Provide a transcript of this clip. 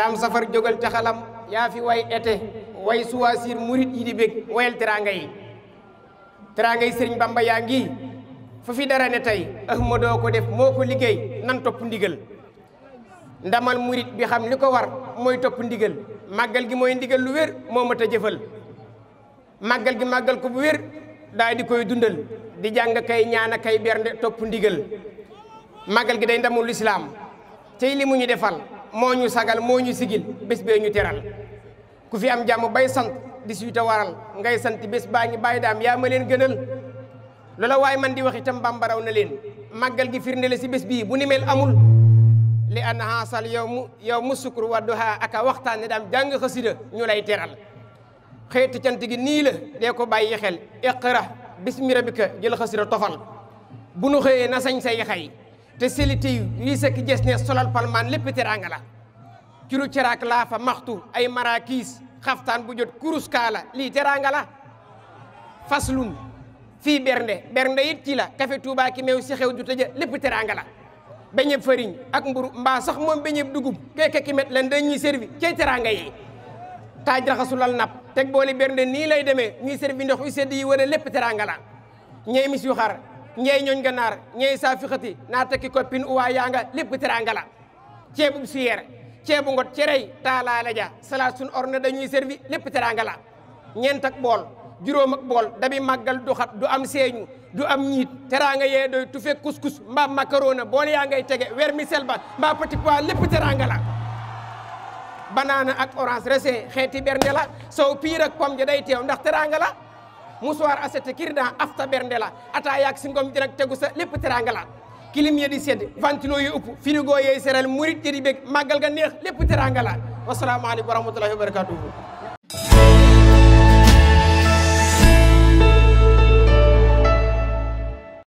daam safar jógal ca xalam yaa fi way été way suwaasir murit yi di bég wayal teraanga yi teraanga sëriñ bamba yaa ngi fu dara ne tey ahmadoo ko def moo ko liggéey nan topp ndigal ndamal murit bi xam li ko war mooy topp ndigal màggal gi mooy ndigal lu wér moo mat a jëfal màggal gi màggal ko bu wér daal di koy dundal di jàng kay ñaana kay bernde topp ndigal màggal gi day ndamul lislaam tey li mu ñu defal moo ñu sagal moo ñu sigil bés bee ñu teral ku fi am jàmm bay sant di suite waral ngay sant bés baa ngi bàyyi daam yaa ma leen gënal loola waaye man di wax itam bambaraw na leen màggal gi firnde la si bés bii bu ni mel amul li an haasal yow mu yow mu sukkur wadduha aka waxtaan ne daam jàng xasida ñu lay teral xeetu cant gi nii la dee ko bàyyi xel iqra bismi rabbika jël xasida tofal bu nu xëyee na sañ say xay te selite yu ñuy sekk jes ne solal palmaan lépp teraanga la curu ceraak laa fa maxtu ay maraakiis xaftaan bu jot kurus kaala lii teraanga la faslun fii bernde bernde it ci la café Touba ki meew si xew du tëja lépp teraanga la beñeb fariñ ak mburu mbaa sax moom beñeb dugub keke ki met leen dañuy servi cay teraanga yi taaj raxasulal napp teg booli bernde nii lay demee ñuy servi ndox yu sedd yi wala lépp teraanga la ñee yu xar ñey ñooñ ganaar ñey saa fixati naa tekki ko pin uwaa yaa nga lépp teraanga la ceebub siyeer ceebu ngot cerey taalaala ja salaat sun orne dañuy servi lépp teraanga la ñeent bool juróom bool dabi màggal du xat du am seeñu du am ñiit teraanga yee doy tu fekk couscous mbaa macarona bool yaa ngay tege vermicelle ba mbaa petit pois lépp teraanga la banaana ak orange raisin xeeti bernde la soow piir ak day teew ndax teraanga la musuwaar asete kirdan afta bernde la ata yaak singom dinak tegu sa lépp teranga la kilim ye di sedd ventilo yu ëpp frigo yey seral murit yi di bég màggal ga neex lépp teranga la wasalaamaaleykum wa rahmatullahi wa barakatuhu